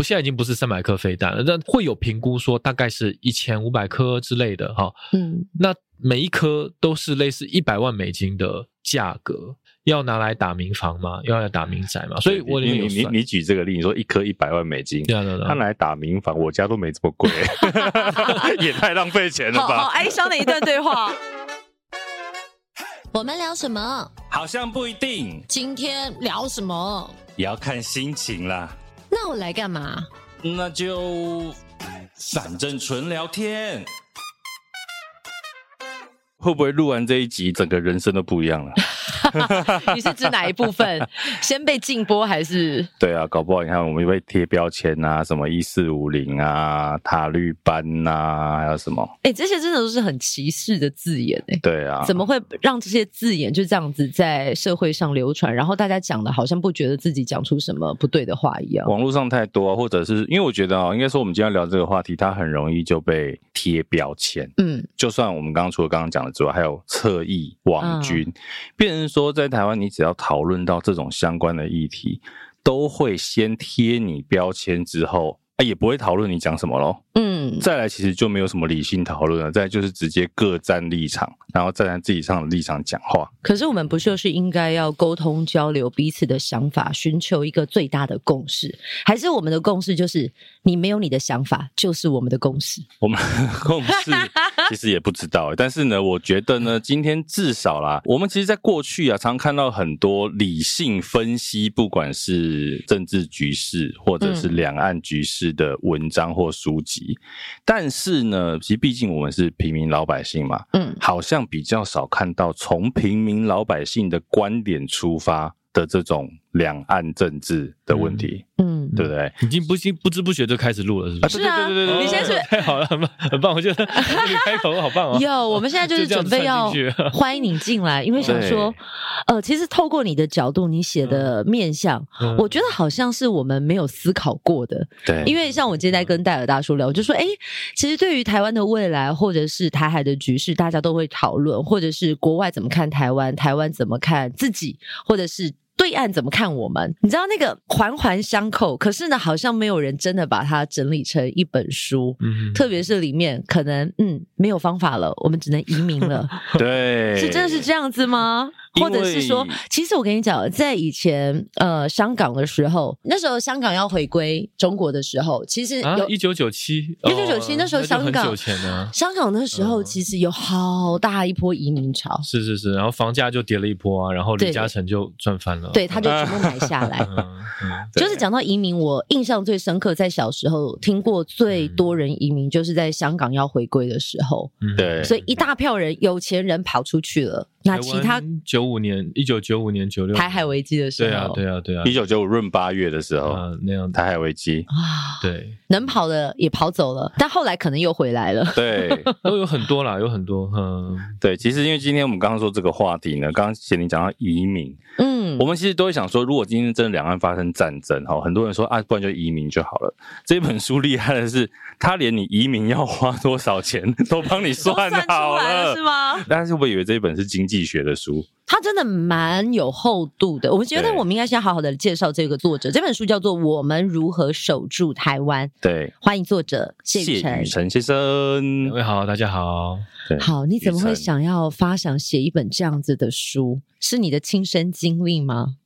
我現在已經不是三百顆飛彈了，但會有評估說大概是一千五百顆之類的哈。嗯，那每一顆都是類似一百萬美金的價格，要拿來打民房嗎？要來打民宅嗎？所以我有點有點你你你，你，你舉這個例，你說一顆一百萬美金，嗯、他拿來打民房，我家都沒這麼貴， 也太浪費錢了吧！好，好哀傷的一段對話。 我們聊什麼？好像不一定。今天聊什麼？也要看心情啦。那我來干嘛？那就反正純聊天，會不會錄完這一集，整個人生都不一樣了？ 你是指哪一部分 先被禁播還是？對啊，搞不好你看我們又被貼標籤啊，什麼一四五零啊、塔綠班啊，還有什麼？哎、欸，這些真的都是很歧視的字眼呢、欸。對啊，怎麼會讓這些字眼就這樣子在社會上流傳？然後大家講的好像不覺得自己講出什麼不對的話一樣。網絡上太多，或者是因為我覺得啊、喔，應該說我們今天要聊這個話題，它很容易就被貼標籤。嗯，就算我們剛剛除了剛剛講的之外，還有側翼網軍，嗯、變成說。說在台灣，你只要討論到這種相關的議題，都會先貼你標籤之後。也不會討論你講什麼嘍。嗯，再來其實就沒有什麼理性討論了。再來，就是直接各站立場，然後站在自己上的立場講話。可是我們不就是應該要溝通交流彼此的想法，尋求一個最大的共識？還是我們的共識就是你沒有你的想法，就是我們的共識？我們的共識其實也不知道，欸。 但是呢，我覺得呢，今天至少啦，我們其實在過去啊，常常看到很多理性分析，不管是政治局勢或者是兩岸局勢。嗯的文章或書籍，但是呢，其實畢竟我們是平民老百姓嘛，嗯，好像比較少看到從平民老百姓的觀點出發的這種。兩岸政治的問題，嗯，嗯，對不對？已經不不不知不覺就開始錄了，是不是啊，是啊，啊對對，對，對。哦你現在是，太好了，很很棒，我覺得 你開頭好棒啊！有，我們現在就是準備要歡迎你進來，因為想說，呃，其實透過你的角度，你寫的面向，我覺得好像是我們沒有思考過的，對。因為像我今天在跟戴爾大叔聊，我就說，哎，其實對於台灣的未來，或者是台海的局勢，大家都會討論，或者是國外怎麼看台灣，台灣怎麼看自己，或者是。對岸怎麼看我們？你知道那個環環相扣，可是呢，好像沒有人真的把它整理成一本書。嗯，特別是裡面可能嗯沒有方法了，我們只能移民了。 對，是真的是這樣子嗎？或者是說，其實我跟你講，在以前呃香港的時候，那時候香港要回歸中國的時候，其實啊一九九七一九九七那時候，啊，香港香港那時候其實有好大一波移民潮，嗯。是是是，然後房價就跌了一波啊，然後李嘉誠就賺翻了。對，他就全部買下來。 嗯、就是講到移民，我印象最深刻，在小時候聽過最多人移民，就是在香港要回歸的時候。對、嗯，所以一大票人，有錢人跑出去了。95那其他九五年，一九九五年九六台海危機的時候，對啊，對啊，對啊，一九九五閏八月的時候，啊、那樣台海危機啊，對啊，能跑的也跑走了，但後來可能又回來了。對， 都有很多啦，有很多。嗯，對，其實因為今天我們剛剛說這個話題呢，剛剛賢齡講到移民，嗯。我們其實都會想說，如果今天真的兩岸發生戰爭，哈，很多人說啊，不然就移民就好了。這本書厲害的是，他連你移民要花多少錢都幫你算好了，都算出來了，是嗎？但是我以為這一本是經濟學的書。它真的蠻有厚度的。我覺得我們應該先好好的介紹這個作者。這本書叫做《我們如何守住台灣》。對，歡迎作者謝宇程先生。喂，好，大家好對。好，你怎麼會想要發想寫一本這樣子的書？是你的親身經歷嗎？嗎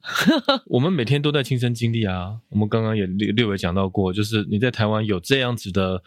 我們每天都在親身經歷啊！我們剛剛也略略微講到過，就是你在台灣有這樣子的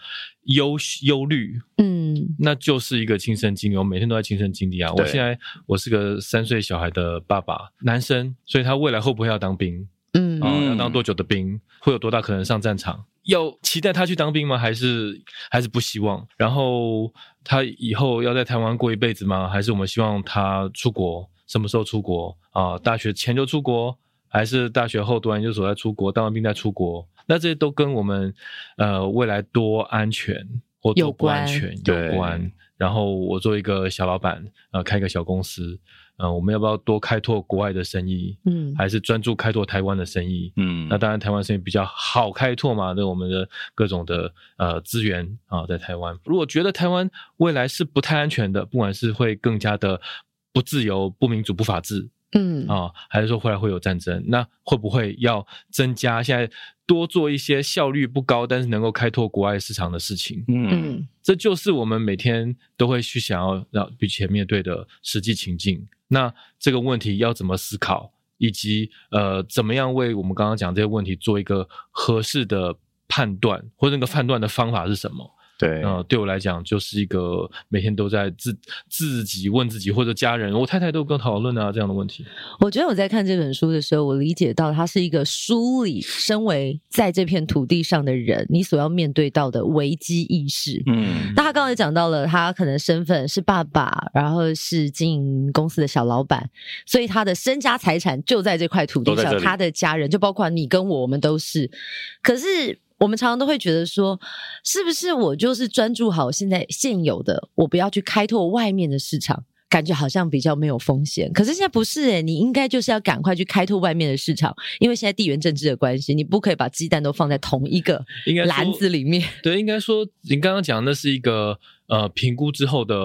憂憂慮，嗯，那就是一個親身經歷。我每天都在親身經歷啊！我現在我是個三歲小孩的爸爸，男生，所以他未來會不會要當兵？嗯，啊，要當多久的兵？會有多大可能上戰場？要期待他去當兵嗎？還是還是不希望？然後他以後要在台灣過一輩子嗎？還是我們希望他出國？什麼時候出國啊、呃？大學前就出國，還是大學後讀完研究所再出國，當完兵再出國？那這些都跟我們，呃，未來多安全或多不安全有關，有關。然後我做一個小老板，呃，開一個小公司，呃，我們要不要多開拓國外的生意？嗯，還是專注開拓台灣的生意？嗯，那當然台灣生意比較好開拓嘛，對我們的各種的呃資源啊、呃，在台灣。如果覺得台灣未來是不太安全的，不管是會更加的。不自由、不民主、不法治，嗯啊，還是說未來會有戰爭？那會不會要增加？現在多做一些效率不高，但是能夠開拓國外市場的事情，嗯，這就是我們每天都會去想要比前面對的實際情境。那這個問題要怎麼思考，以及呃，怎麼樣為我們剛剛講這些問題做一個合適的判斷，或者那個判斷的方法是什麼？對，呃，對我來講，就是一個每天都在自自己問自己，或者家人，我太太都跟我討論啊這樣的問題。我覺得我在看這本書的時候，我理解到它是一個梳理，身為在這片土地上的人，你所要面對到的危機意識。嗯，那他剛才講到了，他可能身份是爸爸，然後是經營公司的小老闆，所以他的身家財產就在這塊土地上，他的家人就包括你跟我，我們都是，可是。我們常常都會覺得說，是不是我就是專注好現在現有的，我不要去開拓外面的市場，感覺好像比較沒有風險。可是現在不是、欸、你應該就是要趕快去開拓外面的市場，因為現在地緣政治的關係，你不可以把雞蛋都放在同一個籃子裡面。對，應該說您剛剛講那是一個呃評估之後的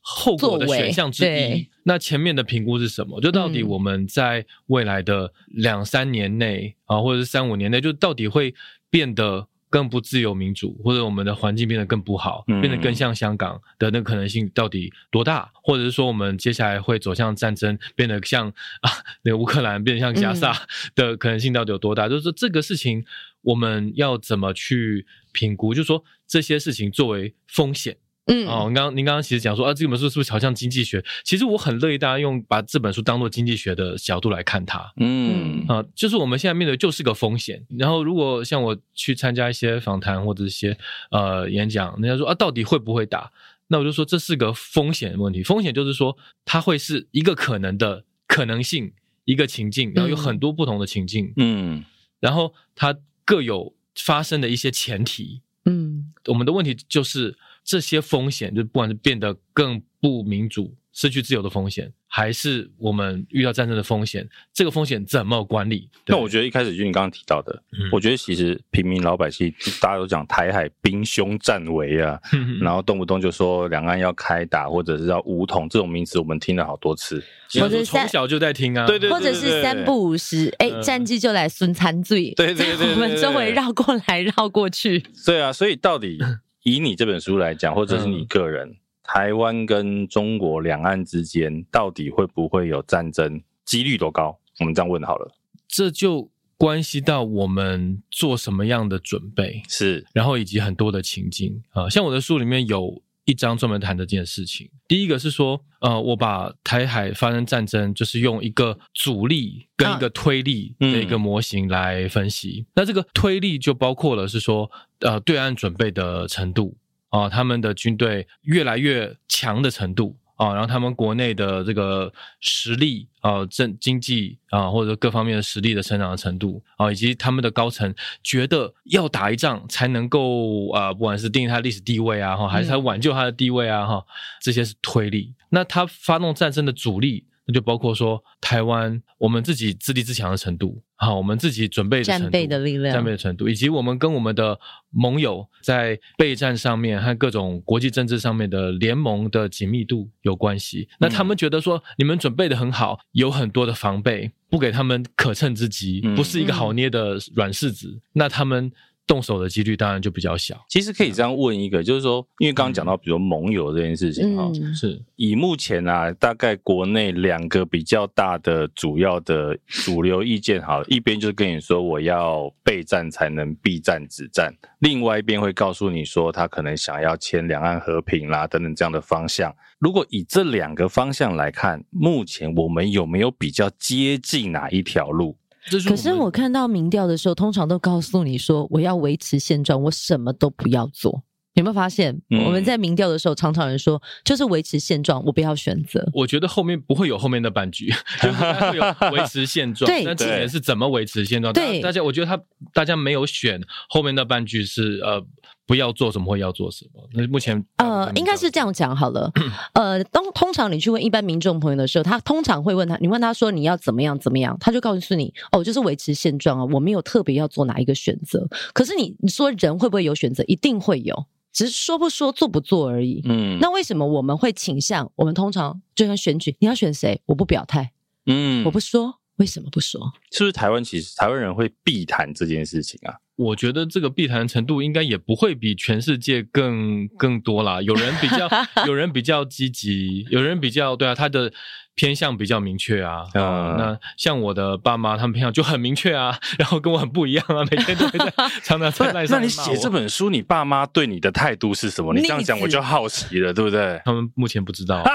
後果的選項之一。那前面的評估是什麼？就到底我們在未來的兩三年內、嗯、啊，或者是三五年內，就到底會。變得更不自由民主，或者我們的環境變得更不好，變得更像香港的，那可能性到底多大？嗯、或者是說，我們接下來會走向戰爭，變得像啊那個烏克蘭，變得像加沙的可能性到底有多大？嗯、就是說，這個事情我們要怎麼去評估？就是、說這些事情作為風險。嗯，哦，您剛您剛剛其實講說啊，這本書是不是好像經濟學？其實我很樂意大家用把這本書當做經濟學的角度來看它。嗯，啊，就是我們現在面對就是個風險。然後如果像我去參加一些訪談或者一些呃演講，人家說啊，到底會不會打？那我就說這是個風險的問題。風險就是說它會是一個可能的可能性，一個情境，然後有很多不同的情境。嗯，然後它各有發生的一些前提。嗯，嗯提，嗯我們的問題就是。這些風險，就不管是變得更不民主、失去自由的風險，還是我們遇到戰爭的風險，這個風險怎麼管理？那我覺得一開始就你剛剛提到的，嗯、我覺得其實平民老百姓大家都講台海兵兇戰危啊、嗯，然後動不動就說兩岸要開打，或者是要武統這種名詞，我們聽了好多次，或者從小就在聽啊，或者是三不五時，哎、嗯，戰機就來損殘罪、嗯，對對對，對，對，對，我們周圍繞過來繞過去，對啊，所以到底。以你這本書來講，或者是你個人，嗯、台灣跟中國兩岸之間到底會不會有戰爭？幾率多高？我們這樣問好了。這就關係到我們做什麼樣的準備？是，然後以及很多的情境啊，像我的書裡面有。一張專門談這件事情。第一個是說，呃，我把台海發生戰爭，就是用一個阻力跟一個推力的一個模型來分析。啊，嗯。那這個推力就包括了是說，呃，對岸準備的程度啊，呃，他們的軍隊越來越強的程度。啊、哦，然後他們國內的這個實力啊、呃，政經濟啊、呃，或者各方面的實力的成長的程度啊、哦，以及他們的高層覺得要打一仗才能夠啊、呃，不管是定義他歷史地位啊，哈，還是他挽救他的地位啊，哈、嗯，這些是推力。那他發動戰爭的阻力，就包括說台灣我們自己自立自強的程度，好，我們自己準備的戰備的力量、戰備的程度，以及我們跟我們的盟友在備戰上面和各種國際政治上面的聯盟的緊密度有關係。嗯。那他們覺得說你們準備的很好，有很多的防備，不給他們可乘之機，不是一個好捏的軟柿子。嗯，那他們。動手的機率當然就比較小。其實可以這樣問一個，就是說，因為剛剛講到，比如盟友這件事情啊，是以目前啊，大概國內兩個比較大的主要的主流意見，好，一邊就是跟你說我要備戰才能避戰止戰，另外一邊會告訴你說他可能想要簽兩岸和平啦等等這樣的方向。如果以這兩個方向來看，目前我們有沒有比較接近哪一條路？就是、可是我看到民調的時候，通常都告訴你說，我要維持現狀，我什麼都不要做。你有沒有發現，嗯、我們在民調的時候，常常人說就是維持現狀，我不要選擇。我覺得後面不會有後面那半句， 就是會有維持現狀。對， 但其實是怎麼維持現狀？對，大家我覺得他大家沒有選後面那半句是呃。不要做什麼或要做什麼？那目前呃，應該是這樣講好了。 呃，當通常你去問一般民眾朋友的時候，他通常會問他，你問他說你要怎麼樣怎麼樣，他就告訴你哦，就是維持現狀啊，我沒有特別要做哪一個選擇。可是你你說人會不會有選擇？一定會有，只是說不說、做不做而已。嗯，那為什麼我們會傾向？我們通常就像選舉，你要選誰？我不表態。嗯，我不說，為什麼不說？是不是台灣其實台灣人會避談這件事情啊？我覺得這個避談程度應該也不會比全世界更更多啦。有人比較，有人比較積極，有人比較，對啊，他的偏向比較明確啊。啊、嗯嗯，那像我的爸媽，他們偏向就很明確啊，然後跟我很不一樣啊，每天都會在 常常在。那你寫這本書，你爸媽對你的態度是什麼？你這樣講我就好奇了，對不對？他們目前不知道。啊、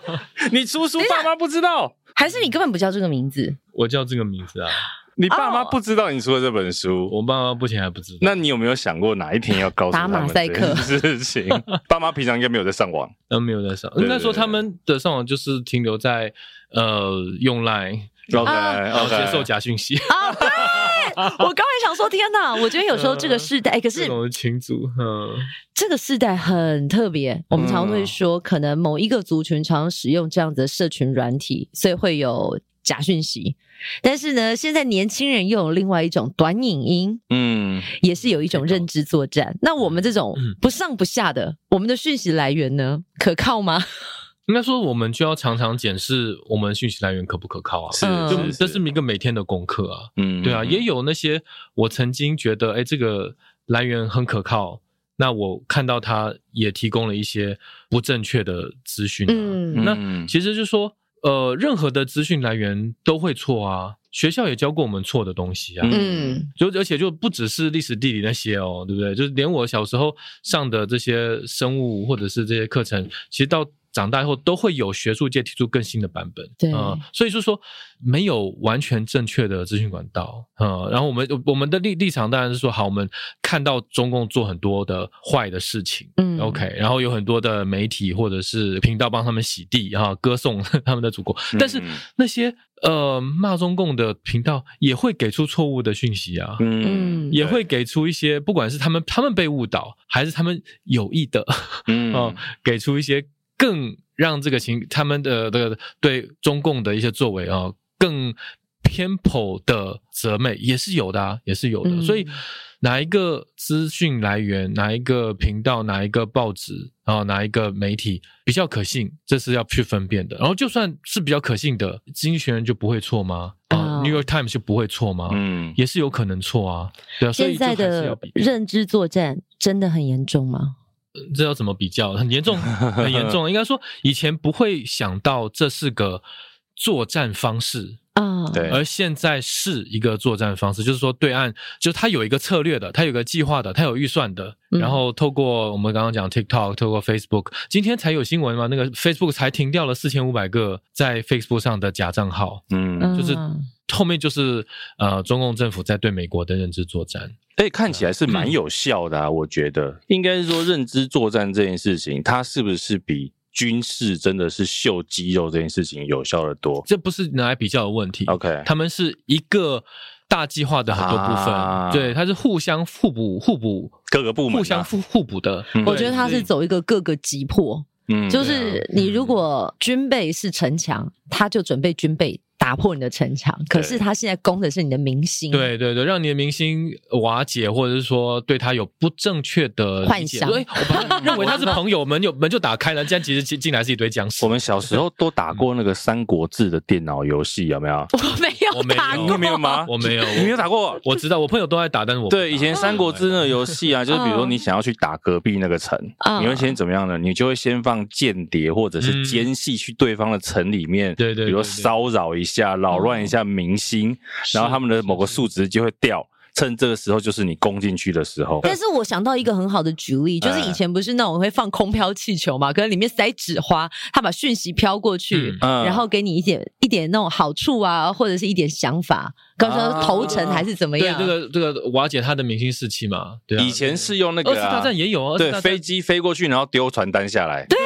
你出書，爸媽不知道。還是你根本不叫這個名字？我叫這個名字啊！你爸媽不知道你說的這本書，我爸媽目前還不知道。那你有沒有想過哪一天要告訴他們這事情？打馬賽克。 爸媽平常應該沒有在上網，嗯，沒有在上。應該說他們的上網就是停留在呃，用 Line，okay，然後接受假訊息。Okay. 我剛才想說，天哪！我覺得有時候這個世代，欸、可是群族，嗯，這個世代很特別。我們常常會說、嗯，可能某一個族群常使用這樣的社群軟體，所以會有假訊息。但是呢，現在年輕人又有另外一種短影音，嗯，也是有一種認知作戰。那我們這種不上不下的、嗯，我們的訊息來源呢，可靠嗎？應該說，我們就要常常檢視我們訊息來源可不可靠啊！是，嗯、就這是一個每天的功課啊。對啊，也有那些我曾經覺得，哎、欸，這個來源很可靠，那我看到它也提供了一些不正確的資訊、啊嗯。那其實就是說，呃，任何的資訊來源都會錯啊。學校也教過我們錯的東西啊。嗯，就而且就不只是歷史地理那些哦、喔，對不對？就是連我小時候上的這些生物或者是這些課程，其實到長大以後都會有學術界提出更新的版本，對啊、呃，所以就是說沒有完全正確的資訊管道啊、呃。然後我們我們的立立場當然是說，好，我們看到中共做很多的壞的事情，嗯，OK。然後有很多的媒體或者是頻道幫他們洗地啊，歌頌他們的祖國、嗯。但是那些呃罵中共的頻道也會給出錯誤的訊息啊，嗯，也會給出一些不管是他們他們被誤導，還是他們有意的啊、嗯呃，給出一些。更讓這個情他們的的對中共的一些作為啊更偏頗的責備也是有的，啊，也是有的。嗯、所以哪一個資訊來源、哪一個頻道、哪一個報紙啊、哪一個媒體比較可信，這是要去分辨的。然後就算是比較可信的，經濟學人就不會錯嗎？啊、哦 uh,，New York Times 就不會錯嗎？嗯，也是有可能錯啊。對啊，現在的所以認知作戰真的很嚴重嗎？這要怎麼比較？很嚴重，很嚴重。 應該說，以前不會想到這是個作戰方式啊。對， 而現在是一個作戰方式，嗯、就是說，對岸就他有一個策略的，他有個計劃的，他有預算的。然後透過我們剛剛講 TikTok，透過 Facebook，今天才有新聞嘛？那個 Facebook 才停掉了四千五百個在 Facebook 上的假賬號。嗯，就是後面就是呃，中共政府在對美國的認知作戰。所、欸、以看起來是蠻有效的啊，啊、嗯，我覺得應該是說認知作戰這件事情，它是不是比軍事真的是秀肌肉這件事情有效的多？這不是拿來比較的問題。OK，他們是一個大計劃的很多部分、啊，對，它是互相互補、互補各個部門、啊、互相互互補的、嗯。我覺得它是走一個各個擊破。嗯，就是你如果軍備是城牆、嗯，他就準備軍備。打破你的城牆，可是他現在攻的是你的明星。啊，對對對，讓你的明星瓦解，或者是說對他有不正確的幻想，所以我認為他是朋友門有 門就打開了，這樣其實進進來是一堆僵屍。我們小時候都打過那個《三國誌》的電腦遊戲，有沒有、嗯、沒有沒有沒有？我沒有，你沒有嗎？我沒有，你沒有打過？我知道，我朋友都在打，但是我對以前《三國誌》那遊戲啊，就是比如說你想要去打隔壁那個城， 嗯、你會先怎麼樣呢？你就會先放間諜或者是奸細去對方的城裡面，對、嗯、對，比如說騷擾一下。下擾亂一下民心、嗯，然後他們的某個數值就會掉，趁這個時候就是你攻進去的時候。但是我想到一個很好的舉例，嗯、就是以前不是那種會放空飄氣球嘛、嗯，可能裡面塞紙花，他把訊息飄過去、嗯嗯，然後給你一點一點那種好處啊，或者是一點想法，告、嗯、訴、嗯啊啊、投誠還是怎麼樣？這個這個瓦解他的民心士氣嘛。對、啊，以前是用那個、啊、二次大戰也有對，對飛機飛過去，然後丟傳單下來。對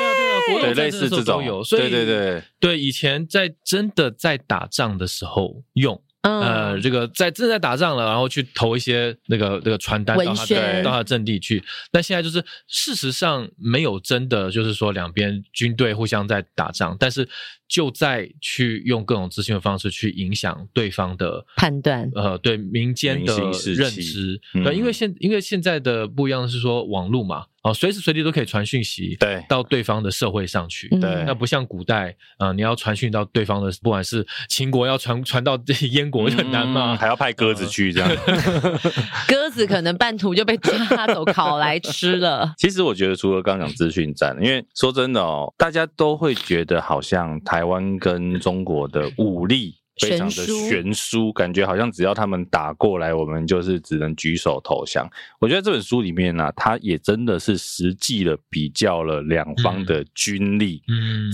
對，類似這種有，所以對對對對，以前在真的在打仗的時候用，嗯、呃，這個在正在打仗了，然後去投一些那個那個傳單到他對，到他陣地去。那現在就是事實上沒有真的就是說兩邊軍隊互相在打仗，但是。就在去用各種資訊的方式去影響對方的判斷，呃，對民間的認知。那、嗯、因為現因為現在的不一樣的是說網絡嘛，哦、呃，隨時隨地都可以傳訊息，對，到對方的社會上去，對。那不像古代，啊、呃，你要傳訊到對方的，不管是秦國要傳傳到燕國嗎，很難嘛，還要派鴿子去這樣，鴿、呃、 子可能半途就被抓走烤來吃了。 其實我覺得，除了剛講資訊戰，因為說真的哦，大家都會覺得好像他。台灣跟中國的武力非常的懸殊，感覺好像只要他們打過來，我們就是只能舉手投降。我覺得這本書裡面呢，他也真的是實際的比較了兩方的軍力，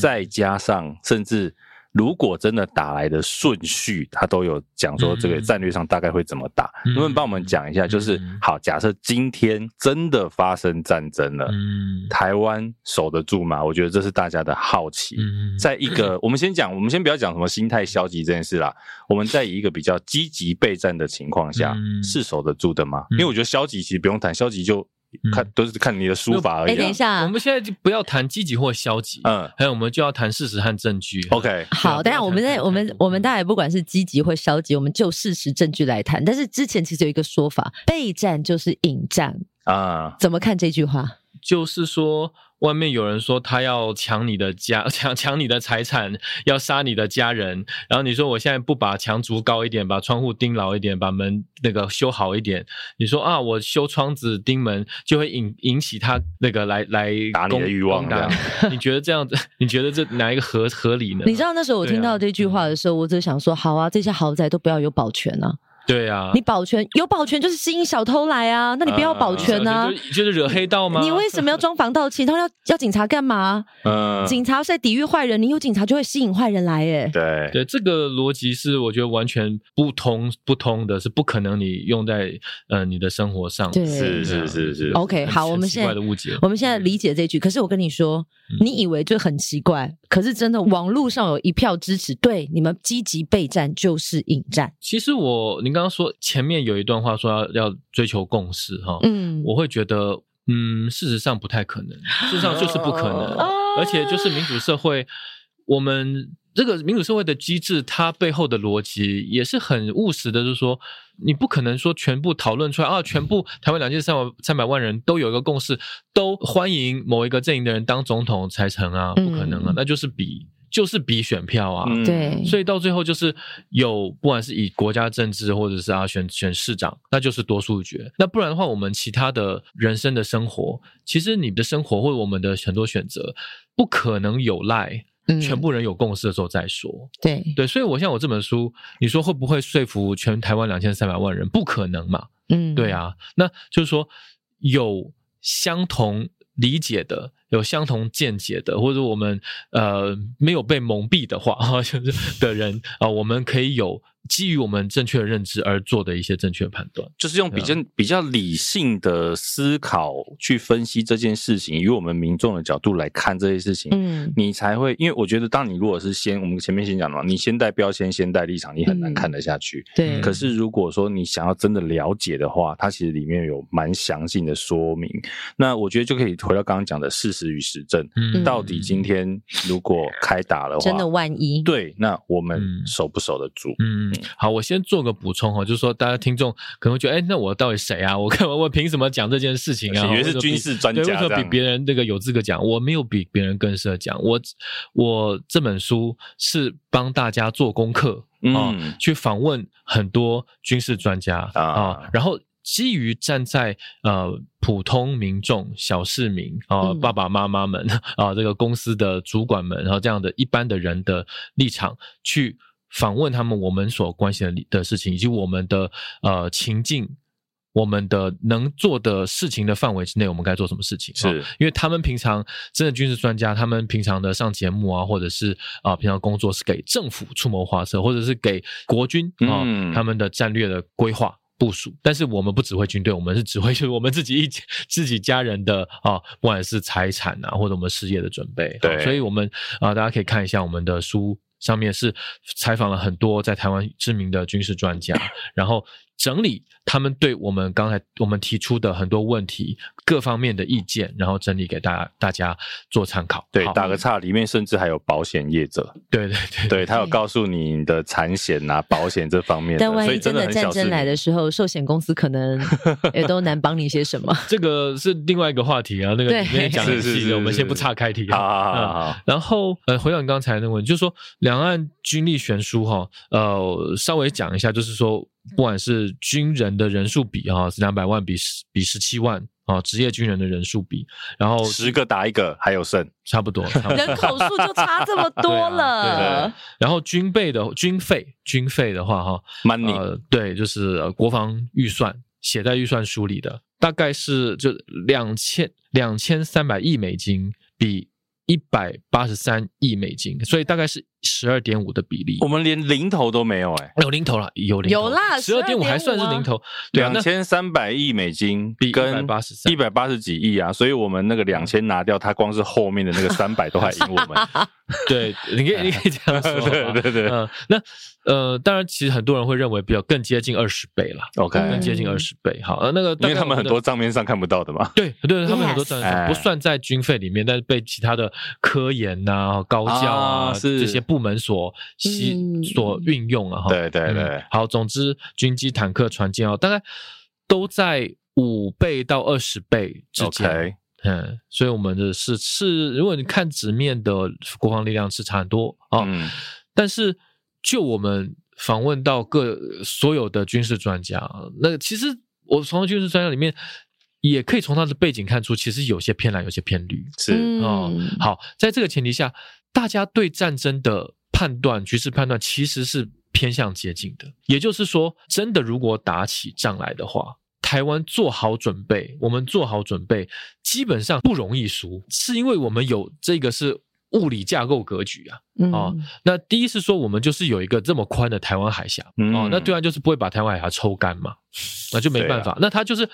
再加上甚至。如果真的打來的順序，他都有講說這個戰略上大概會怎麼打，嗯、能不能幫我們講一下？就是、嗯、好，假設今天真的發生戰爭了，嗯、台灣守得住嗎？我覺得這是大家的好奇。在、嗯、一個我們先講，我們先不要講什麼心態消極這件事啦。我們在以一個比較積極備戰的情況下、嗯，是守得住的嗎？嗯、因為我覺得消極其實不用談，消極就。看、嗯、都是看你的書法而已、啊欸。等一下、啊，我們現在就不要談積極或消極。嗯，還有我們就要談事實和證據。OK，好，等下、啊、我們在、嗯、我們我們大家不管是積極或消極，我們就事實證據來談。但是之前其實有一個說法，備戰就是引戰啊、嗯？怎麼看這句話？就是說。外面有人說他要搶你的家，搶搶你的財產，要殺你的家人。然後你說，我現在不把牆築高一點，把窗戶釘牢一點，把門那個修好一點。你說啊，我修窗子釘門就會引引起他那個來來打你的欲望。你覺得這樣子？ 你覺得這哪一個合合理呢？你知道那時候我聽到這句話的時候，啊、我只想說好啊，這些豪宅都不要有保全呢、啊。對啊，你保全有保全就是吸引小偷來啊，那你不要保全呢、啊啊就是，就是惹黑道嗎你？你為什麼要裝防盜器？他要要警察幹嘛？嗯、啊，警察是在抵御壞人，你有警察就會吸引壞人來、欸，誒。對對，這個邏輯是我覺得完全不通不通的，是不可能你用在呃你的生活上的。對，是、是是是是。OK，好，我們現在奇怪的誤解我，我們現在理解這一句。可是我跟你說，你以為就很奇怪，嗯、可是真的網絡上有一票支持，對你們積極備戰就是引戰。其實我，你剛、剛。剛說前面有一段話說要要追求共識哈，嗯，我會覺得，嗯，事實上不太可能，事實上就是不可能，哦、而且就是民主社會，哦、我們這個民主社會的機制，它背後的邏輯也是很務實的，就是說，你不可能說全部討論出來啊，全部台灣兩千三百三百萬人都有一個共識，都歡迎某一個陣營的人當總統才成啊，不可能啊，嗯、那就是比。就是比選票啊，對，所以到最後就是有，不管是以國家政治或者是啊選選市長，那就是多數決。那不然的話，我們其他的人生的生活，其實你的生活或者我們的很多選擇，不可能有賴全部人有共識的時候再說，嗯。對對，所以我像我這本書，你說會不會說服全台灣兩千三百萬人？不可能嘛，嗯，對啊，那就是說有相同理解的。有相同見解的，或者我們呃沒有被蒙蔽的話啊，就是的人啊、呃，我們可以有基於我們正確的認知而做的一些正確判斷，就是用比較比較理性的思考去分析這件事情，以我們民眾的角度來看這些事情，嗯，你才會，因為我覺得，當你如果是先我們前面先講的嘛，你先帶標籤，先帶立場，你很難看得下去、嗯。對。可是如果說你想要真的了解的話，它其實裡面有蠻詳細的說明，那我覺得就可以回到剛剛講的事實。至於實證，到底今天如果開打的話，真的萬一對？那我們守不守得住？嗯，好，我先做個補充哈，就是說，大家聽眾可能會覺得，哎、欸，那我到底誰啊？我看我憑什麼講這件事情啊？以為是軍事專家這樣，為何，比別人這個有資格講？我沒有比別人更適合講。我我這本書是幫大家做功課嗯，去訪問很多軍事專家啊，啊，然後。基於站在呃普通民眾、小市民啊、嗯、爸爸媽媽們啊、這個公司的主管們，然後這樣的一般的人的立場去訪問他們，我們所關心的的事情，以及我們的呃情境，我們的能做的事情的範圍之內，我們該做什麼事情？是、哦，因為他們平常真的軍事專家，他們平常的上節目啊，或者是啊、呃、平常工作是給政府出謀劃策，或者是給國軍啊、哦嗯、他們的戰略的規劃。部署，但是我們不指揮軍隊，我們是指揮就是我們自己一自己家人的啊，不管是財產啊，或者我們事業的準備，對啊，所以我們啊，呃，大家可以看一下我們的書上面是採訪了很多在台灣知名的軍事專家，然後。整理他們對我們剛才我們提出的很多問題各方面的意見，然後整理給大家，大家做參考。對，打個岔，裡面甚至還有保險業者。對對對，對他有告訴你你的產險吶、保險這方面的。但萬一真的戰爭來的時候，壽險公司可能也都難幫你一些什麼。 這個是另外一個話題啊，那個跟講的細節，我們先不岔開題啊、嗯。然後呃，回到你剛才那個問題，就是說，兩岸軍力懸殊哈。呃，稍微講一下，就是說。不管是軍人的人數比哈，是兩百萬比十比十七萬啊，職業軍人的人數比，然後十個打一個還有剩，差不多。人口數就差這麼多了。 啊、然後軍備的軍費，軍費的話哈、呃、，money 對，就是、呃、國防預算寫在預算書裡的，大概是就兩千兩千三百億美金比一百八十三億美金，所以大概是。十二點五的比例，我們連零頭都沒有哎、欸，有零頭了，有零有啦，十二點五還算是零頭，兩千三百億美金跟180幾億、啊、比跟一百八十幾億啊，所以我們那個兩千拿掉，它光是後面的那個三百都還贏我們， 對，你可以你可以這樣說， 對,對對對，呃那呃，當然其實很多人會認為比較更接近二十倍啦，OK，更接近二十倍，好，呃，那個因為他們很多賬面上看不到的嘛，對，對,對，他們很多賬面上、哎、不算在軍費裡面，但是被其他的科研吶、啊、高教啊這些。啊是部門所吸所運用了、啊、哈、嗯，對對對，好，總之，軍機、坦克、船艦哦，大概都在五倍到二十倍之間，Okay. 嗯，所以我們的是是，如果你看紙面的國防力量是差很多啊、哦嗯，但是就我們訪問到各所有的軍事專家，那其實我從軍事專家裡面也可以從他的背景看出，其實有些偏藍，有些偏綠，是啊、哦嗯，好，在這個前提下。大家對戰爭的判斷、局勢判斷其實是偏向接近的，也就是說，真的如果打起仗來的話，台灣做好準備，我們做好準備，基本上不容易輸，是因為我們有這個是物理架構格局啊。啊、嗯哦，那第一是說，我們就是有一個這麼寬的台灣海峽，啊、嗯哦，那對岸就是不會把台灣海峽抽乾嘛，那就沒辦法。啊、那他就是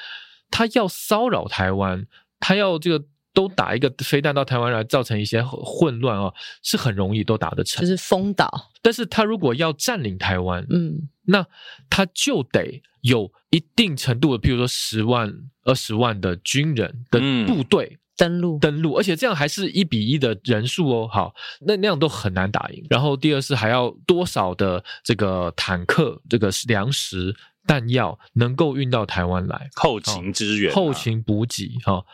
他要騷擾台灣，他要這個。都打一個飛彈到台灣來，造成一些混亂哦，是很容易都打得成，就是封島。但是他如果要佔領台灣，嗯，那他就得有一定程度的，比如說十萬、二十萬的軍人的部隊、嗯、登陸登陸，而且這樣還是一比一的人數哦。好，那那樣都很難打贏。然後第二是還要多少的這個坦克、這個糧食、彈藥能夠運到台灣來，後勤支援、啊、哦、後勤補給哈、哦。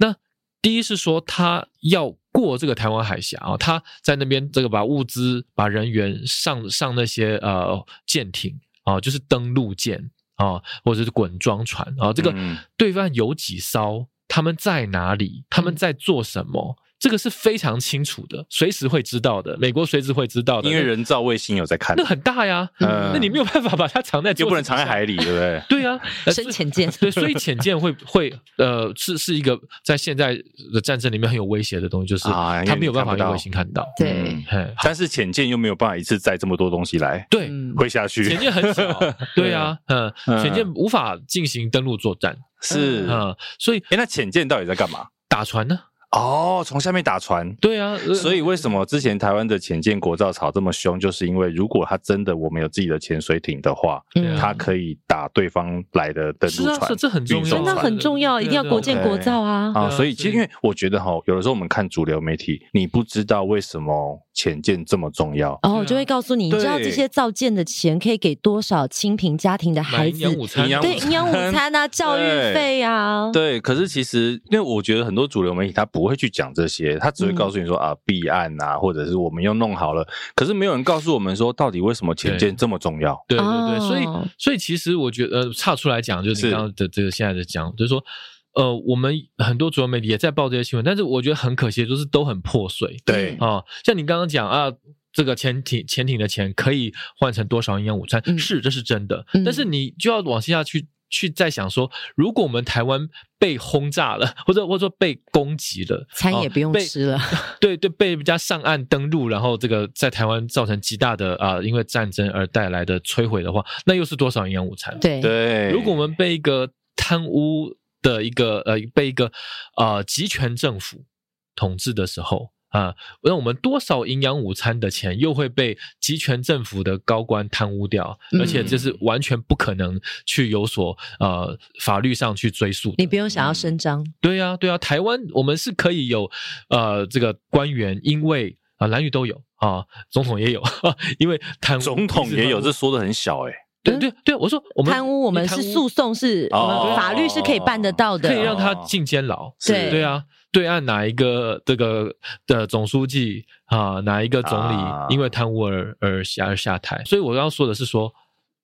那第一是說，他要過這個台灣海峽啊，他在那邊這個把物資、把人員上上那些呃艦艇啊，就是登陸艦啊，或者是滾裝船啊，這個對方有幾艘，他們在哪裡，他們在做什麼？這個是非常清楚的，隨時會知道的。美國隨時會知道的，因為人造衛星有在看。那很大呀，嗯，那你沒有辦法把它藏在，就不能藏在海裡，對不對？對啊，深潛艦。對，所以潛艦會會呃，是、是一個在現在的戰爭裡面很有威脅的東西，就是它沒有辦法讓，啊，衛星看到。對，嗯，但是潛艦又沒有辦法一次載這麼多東西來，對，會下去。潛艦很小，對啊，嗯，潛艦無法進行登陸作戰，是嗯。所以，哎，那潛艦到底在幹嘛？打船呢？哦，從下面打船，對啊對，所以為什麼之前台灣的潛艦國造吵這麼兇，就是因為如果他真的我們有自己的潛水艇的話，他、啊、可以打對方來的登陸船、啊是啊，這很重要的，的很重要，一定要國艦國造啊、嗯、啊！所以其實因為我覺得哈，有的時候我們看主流媒體，你不知道為什麼潛艦這麼重要，然後、啊、就會告訴你，你知道這些造艦的錢可以給多少清貧家庭的孩子營養午餐、營養午、午餐啊，教育費啊對，對。可是其實因為我覺得很多主流媒體他不。不會去講這些，他只會告訴你說、嗯、啊，避案啊，或者是我們又弄好了。可是沒有人告訴我們說，到底為什麼潛艦這麼重要對？對對對，所以所以其實我覺得、呃、差出來講，就是你剛剛的這個現在的講，就是說，呃，我們很多主流媒體也在報這些新聞，但是我覺得很可惜，就是都很破碎。對啊、哦，像你剛剛講啊，這個潛艇潛艇的錢可以換成多少營養午餐、嗯？是，這是真的。嗯、但是你就要往下，下去。去在想說，如果我們台灣被轟炸了，或者或者說被攻擊了，餐也不用吃了。哦、對對，被人家上岸登陸，然後這個在台灣造成極大的啊、呃，因為戰爭而帶來的摧毀的話，那又是多少營養午餐？對對。如果我們被一個貪污的一個呃，被一個啊，呃、集權政府統治的時候。啊，那我們多少營養午餐的錢又會被極權政府的高官貪污掉，嗯、而且這是完全不可能去有所呃法律上去追溯的。你不用想要伸張。嗯、對呀、啊，對啊，台灣我們是可以有呃這個官員，因為啊藍綠都有啊，總統也有，因為貪，總統也有，也有這說的很小誒、欸、對對對，我說我們貪污，我們是訴訟是、哦、法律是可以辦得到的，哦、可以讓他進監牢。對、哦、對啊。對岸哪一個這個的總書記啊，哪一個總理、uh... 因為貪污而而下而下台？所以我要說的是說，說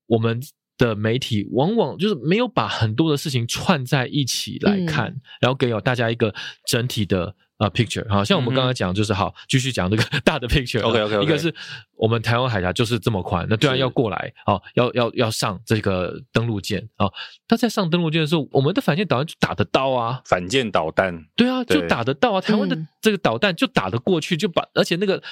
我們的媒體往往就是沒有把很多的事情串在一起來看，嗯、然後給有大家一個整體的。啊、uh,，picture，好，像我們剛剛講就是、嗯、好，繼續講這個大的 picture。OK，OK，、okay, okay, okay. 一個是我們台灣海峽就是這麼寬，那對岸要過來，啊、哦，要要要上這個登陸艦啊。他、哦、在上登陸艦的時候，我們的反艦導彈就打得到啊。反艦導彈，對啊，就打得到啊。台灣的這個導彈就打得過去、嗯，就把，而且那個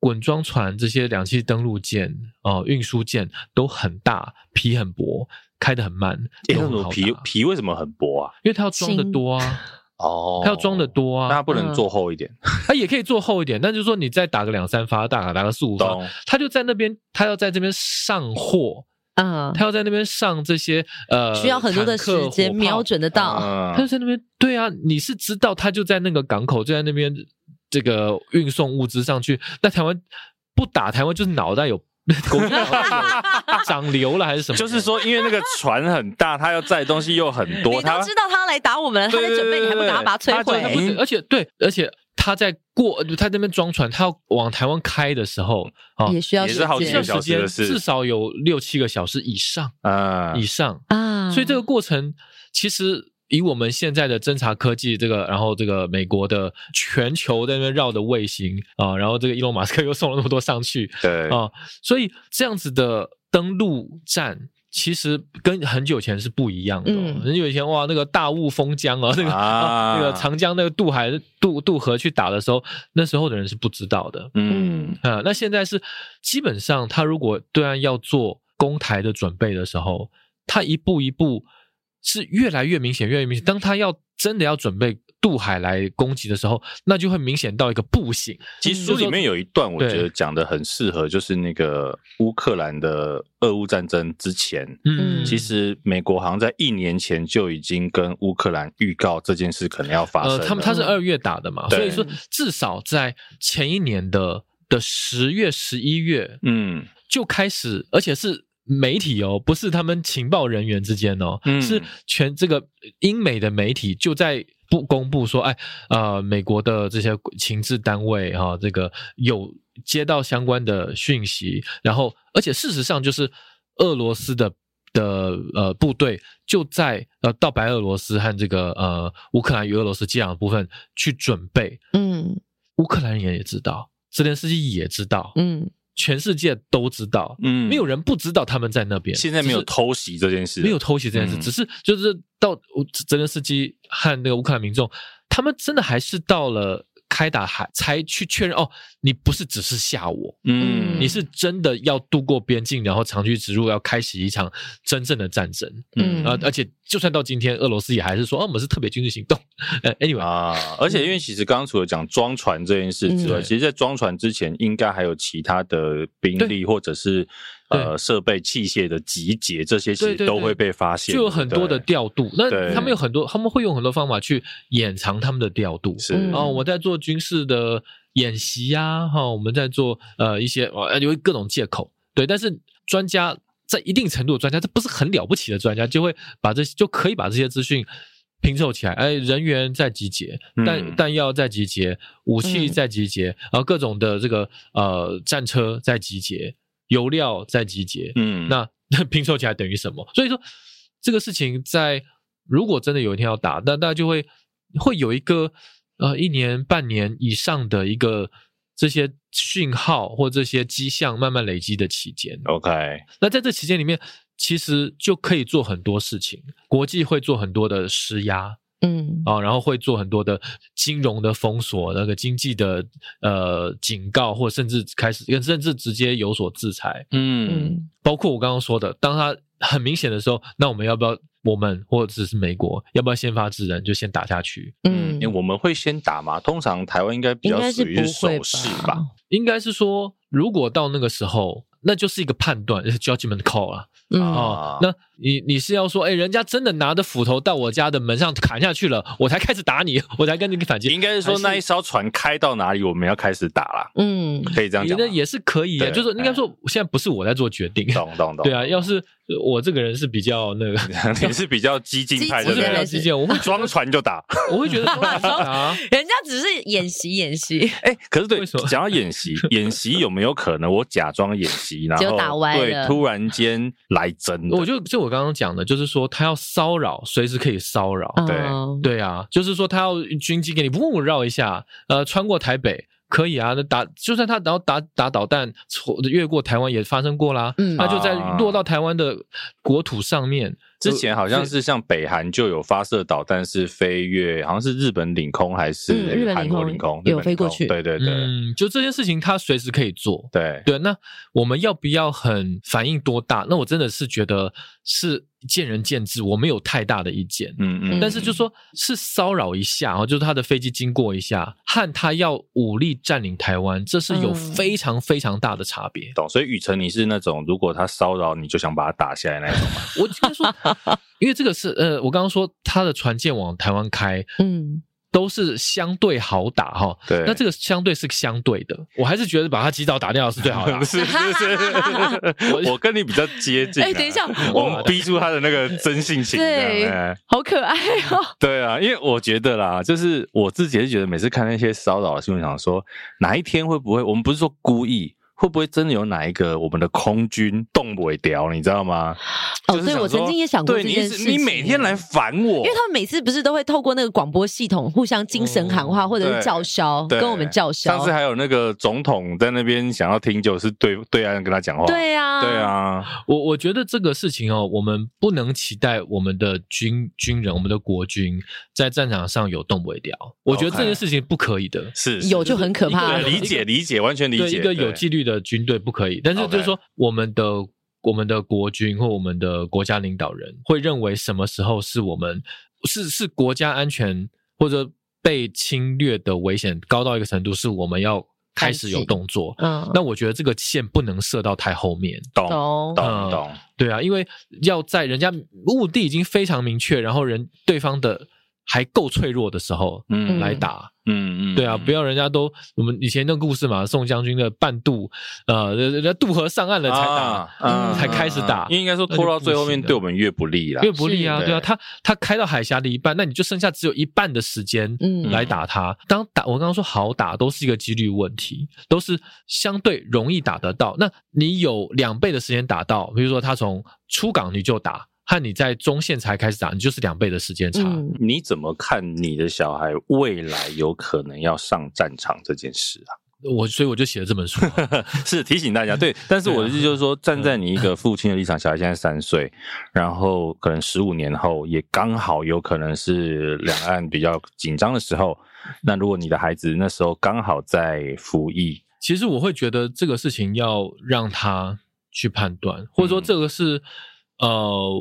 滾裝船這些兩棲登陸艦啊，運輸艦都很大，皮很薄，開得很慢。都很好打欸、那皮皮為什麼很薄啊？因為它要裝得多啊。 哦、oh,，他要裝的多啊，那不能做厚一點、呃，他也可以做厚一點。那就是說，你再打個兩三發大概打個四五發，他就在那邊，他要在這邊上貨啊、呃，他要在那邊上這些呃，需要很多的時間瞄準得到。他就在那邊，對啊，你是知道他就在那個港口，就在那邊這個運送物資上去。那台灣不打台灣，就是腦袋有。股 票 長瘤了還是什麼？ 就是說，因為那個船很大，他要載東西又很多，它 知道他來打我們他，他，他在準備，你還不趕快把它摧毀？而且，對，而且他在過他在那邊裝船，他要往台灣開的時候、啊、也需要需要時間，時這個、時至少有六七個小時以上啊、嗯，以上啊、嗯，所以這個過程其實。以我們現在的偵察科技，這個，然後這個美國的全球在那邊繞的衛星啊，然後這個伊隆馬斯克又送了那麼多上去，對啊，所以這樣子的登陸戰其實跟很久前是不一樣的、哦嗯。很久以前哇，那個大霧封江啊，那個、啊啊、那個長江那個渡海渡渡河去打的時候，那時候的人是不知道的。嗯啊，那現在是基本上他如果對岸要做攻台的準備的時候，他一步一步。是越來越明顯，越來越明顯。當他要真的要準備渡海來攻擊的時候，那就會明顯到一個不行。其實書裡面有一段，我覺得講的很適合，就是那個烏克蘭的俄烏戰爭之前，嗯，其實美國好像在一年前就已經跟烏克蘭預告這件事可能要發生。呃，他們他是二月打的嘛，所以說至少在前一年的的十月十一月，嗯，就開始，而且是。媒體哦，不是他們情報人員之間哦、嗯，是全這個英美的媒體就在不公布說，哎，呃，美國的這些情治單位哈、哦，這個有接到相關的訊息，然後而且事實上就是俄羅斯的的呃部隊就在呃到白俄羅斯和這個呃烏克蘭與俄羅斯接壤的部分去準備，嗯，烏克蘭人也，也知道，澤連斯基也知道，嗯。全世界都知道，嗯，沒有人不知道他們在那邊。現在沒有偷襲這件事，沒有偷襲這件事，嗯、只是就是到澤連斯基和那個烏克蘭民眾，他們真的還是到了。開打還才去確認哦，你不是只是嚇我，嗯，你是真的要渡過邊境，然後長驅直入，要開啟一場真正的戰爭，嗯，而、呃、而且就算到今天，俄羅斯也還是說，哦，我們是特別軍事行動，呃，anyway 啊，而且因為其實剛剛除了講裝船這件事之外，嗯、其實在裝船之前，應該還有其他的兵力或者是。呃，設備器械的集結，這些其實都會被發現，對對對，就有很多的調度。那他們有很多，他們會用很多方法去掩藏他們的調度。是啊、哦，我在做軍事的演習呀、啊，哈、哦，我們在做呃一些，呃，有各種借口。對，但是專家在一定程度的專家，這不是很了不起的專家，就會把這就可以把這些資訊拼湊起來。哎、欸，人員在集結，彈彈藥在集結，武器在集結，嗯、然後各種的這個呃戰車在集結。油料在集結，嗯，那那拼湊起來等於什麼？所以說，這個事情在，如果真的有一天要打，那大家就會會有一個呃一年半年以上的一個這些訊號或這些跡象慢慢累積的期間。OK，那在這期間裡面，其實就可以做很多事情，國際會做很多的施壓。嗯啊、哦，然後會做很多的金融的封鎖，那個經濟的呃警告，或甚至開始，甚至直接有所制裁。嗯，包括我剛剛說的，當他很明顯的時候，那我們要不要我們或者是美國，要不要先發制人就先打下去？嗯，因為我們會先打嘛，通常台灣應該比較屬於守勢吧，吧？應該是說，如果到那個時候。那就是一個判斷 judgment call 啊啊、嗯哦！那你你是要說，哎、欸，人家真的拿着斧頭到我家的門上砍下去了，我才開始打你，我才跟你反擊。應該是說那一艘船開到哪裡，我們要開始打啦。嗯，可以這樣講，得也，也是可以、欸，就是應該說現在不是我在做決定。懂懂懂。對啊，要是我這個人是比較那個，你是比較激進派的，比較激進，我會裝船就打， 我會覺得裝啊， 人家只是演習演習。哎、欸，可是對，講到演習，演習有沒有可能我假裝演習？然後就打歪了，對，突然間來真的。我就就我剛剛講的，就是說他要騷擾，隨時可以騷擾，哦、對對啊，就是說他要軍機給你，不過我繞一下，呃，穿過台北可以啊，那打就算他然後打打導彈，越過台灣也發生過啦，嗯，那就在落到台灣的國土上面。之前好像是像北韓就有發射導彈，是飛越，好像是日本領空還是？韓國領空，嗯、日本領空有飛過去。對對對，嗯、就這件事情，他隨時可以做。對對，那我們要不要很反應多大？那我真的是覺得是見仁見智，我沒有太大的意見。嗯嗯，但是就是說是騷擾一下哦，就是他的飛機經過一下，和他要武力占領台灣，這是有非常非常大的差別，嗯，懂？所以宇程，你是那種如果他騷擾你就想把他打下來那種嗎？我他說。 因為這個是呃，我剛剛說他的船艦往台灣開，嗯，都是相對好打哈。對，那這個相對是相對的，我還是覺得把他擊倒打掉的是最好。不是，不是，我我跟你比較接近、啊。哎、欸，等一下、哦，我們逼出他的那個真性情，對， 好可愛哦。 對啊，因為我覺得啦，就是我自己也是覺得，每次看那些騷擾的新聞，想說哪一天會不會，我們不是說故意。會不會真的有哪一個我們的空軍動不了？你知道嗎？哦、oh,，所以我曾經也想過這件事你是，你每天來煩我，因為他們每次不是都會透過那個廣播系統互相精神喊話，嗯、或者是叫囂，跟我們叫囂。上次還有那個總統在那邊想要聽，就是對對岸跟他講話。對啊，對啊。我我覺得這個事情哦、喔，我們不能期待我們的軍軍人、我們的國軍在戰場上有動不了。我覺得這件事情不可以的，okay. 是，是，是有就很可怕。理解，理解，完全理解。一個有紀律的的軍隊不可以，但是就是說，我們的、okay. 我們的我們的國軍或我們的國家領導人會認為，什麼時候是我們是是國家安全或者被侵略的危險高到一個程度，是我們要開始有動作。嗯，那我覺得這個線不能設到太後面，懂懂、嗯、懂、懂，對啊，因為要在人家目的已經非常明確，然後人對方的。還夠脆弱的時候，嗯，來打，嗯嗯，對啊，不要人家都我們以前那個故事嘛，宋將軍的半渡，呃，人家渡河上岸了才打，啊嗯、才開始打，因為應該說拖到最後面對我們越不利啦。不越不利啊，對啊，他他開到海峽的一半，那你就剩下只有一半的時間，嗯，來打他。當打我剛剛說好打都是一個幾率問題，都是相對容易打得到。那你有兩倍的時間打到，比如說他從出港你就打。看你在中線才開始漲，你就是兩倍的時間差，嗯。你怎麼看你的小孩未來有可能要上戰場這件事啊？我所以我就寫了這本書， 是提醒大家。 對，但是我的意思就是說，站在你一個父親的立場， 小孩現在三歲，然後可能十五年後也剛好有可能是兩岸比較緊張的時候， 那如果你的孩子那時候剛好在服役，其實我會覺得這個事情要讓他去判斷，嗯，或者說這個是。呃，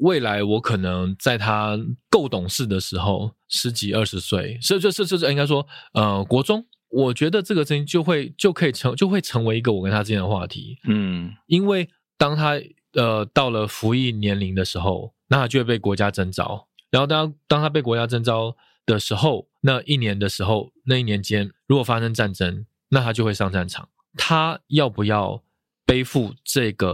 未來我可能在他夠懂事的時候，十幾二十歲，所以就是就是，是應該說，呃，國中，我覺得這個事情，就會就可以成，就會成為一個我跟他之間的話題，嗯，因為當他呃到了服役年齡的時候，那他就會被國家徵召，然後當當他被國家徵召的時候，那一年的時候，那一年間，如果發生戰爭，那他就會上戰場，他要不要背負這個